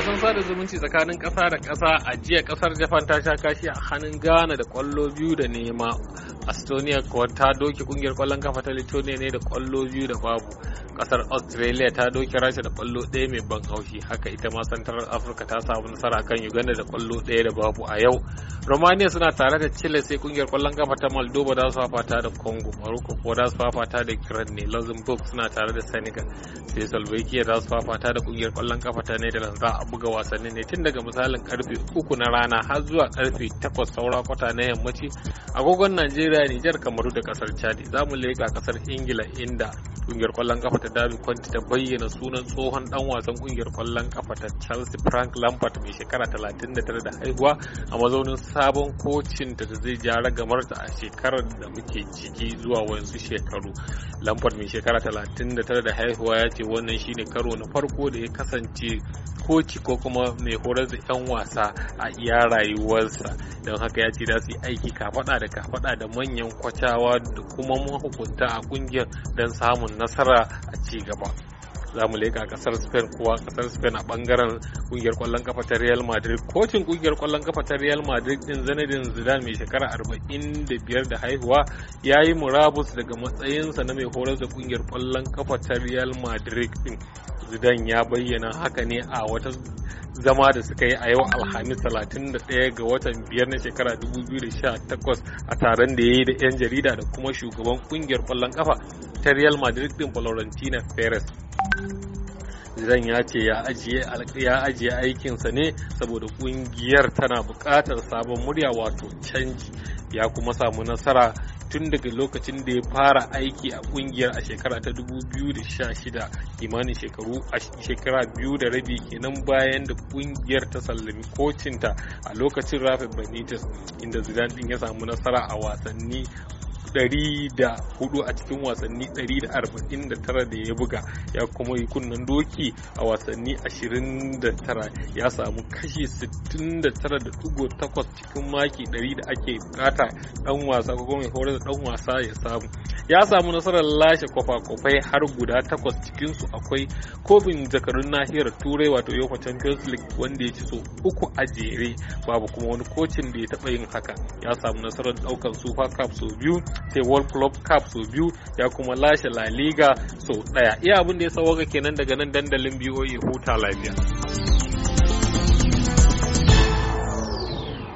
wasan sada zumunci tsakanin ƙasa da ƙasa a jiya ƙasar Japan ta sha kashi a hannun Ghana da kwallo biyu da nema. estonia kuwa ta doki kungiyar kwallon kafa ta litoniya ne da kwallo biyu da babu kasar australia ta doki rasha da kwallo ɗaya mai ban haushi haka ita ma santarar afirka ta samu nasara kan uganda da kwallo ɗaya da babu a yau romania suna tare da chile sai kungiyar kwallon kafa ta moldova za su fafata da congo morocco kuwa za su fafata da ukraine ne luxembourg suna tare da senegal sai slovakia za su fafata da kungiyar kwallon kafa ta netherlands za a buga wasannin ne tun daga misalin karfe uku na rana har zuwa karfe takwas saura kwata na yammaci agogon najeriya Najeriya, Nijar, Kamaru da kasar Chad. Za mu leƙa kasar Ingila inda kungiyar kwallon kafa ta Derby County ta bayyana sunan tsohon dan wasan kungiyar kwallon kafa ta Chelsea Frank Lampard mai shekara 39 da haihuwa a mazaunin sabon kocin da zai ja ragamar ta a shekarar da muke ciki zuwa wasu shekaru. Lampard mai shekara 39 da haihuwa ya ce wannan shine karo na farko da ya kasance koci ko kuma mai horar da 'yan wasa a iya rayuwarsa don haka ya ce za su yi aiki kafada da kafada da manyan kwacawa da kuma mahukunta a kungiyar don samun nasara a ci gaba za mu leka kasar spain kuwa kasar spain a bangaren kungiyar kwallon kafa ta real madrid kocin kungiyar kwallon kafa ta real madrid din zanadin zidane mai shekara 45 da haihuwa ya yi murabus daga matsayinsa na mai horar da kungiyar kwallon kafa ta real madrid din zidan ya bayyana haka ne a wata zama da suka yi a yau alhamis 31 ga watan biyar na shekara 2018 a taron da ya yi da 'yan jarida da kuma shugaban kungiyar kwallon kafa ta real madrid din florentina perez Zidane ya ce ya ajiye aikinsa ne saboda kungiyar tana bukatar sabon murya wato canji ya kuma samu nasara tun daga lokacin da ya fara aiki a kungiyar a shekara ta 2016 kimanin shekaru a shekara biyu da rabi kenan bayan da kungiyar ta sallami kocinta a lokacin rafin Benitez inda Zidane din ya samu nasara a wasanni 104 a cikin wasanni 149 da ya buga ya kuma yi kunnen doki a wasanni 29 ya samu kashi 69.8 cikin maki 100 da ake bukata dan wasa ko mai horar da dan wasa ya samu ya samu nasarar lashe kwafa-kwafai har guda takwas cikinsu akwai kofin zakarun nahiyar turai wato yau champions league wanda ya ci so uku a jere babu kuma wani kocin da ya taɓa yin haka ya samu nasarar ɗaukar super cup sau biyu sai world club cup sau biyu ya kuma lashe la liga sau daya iya abin da ya sauwaka kenan daga nan dandalin biyoyi huta lafiya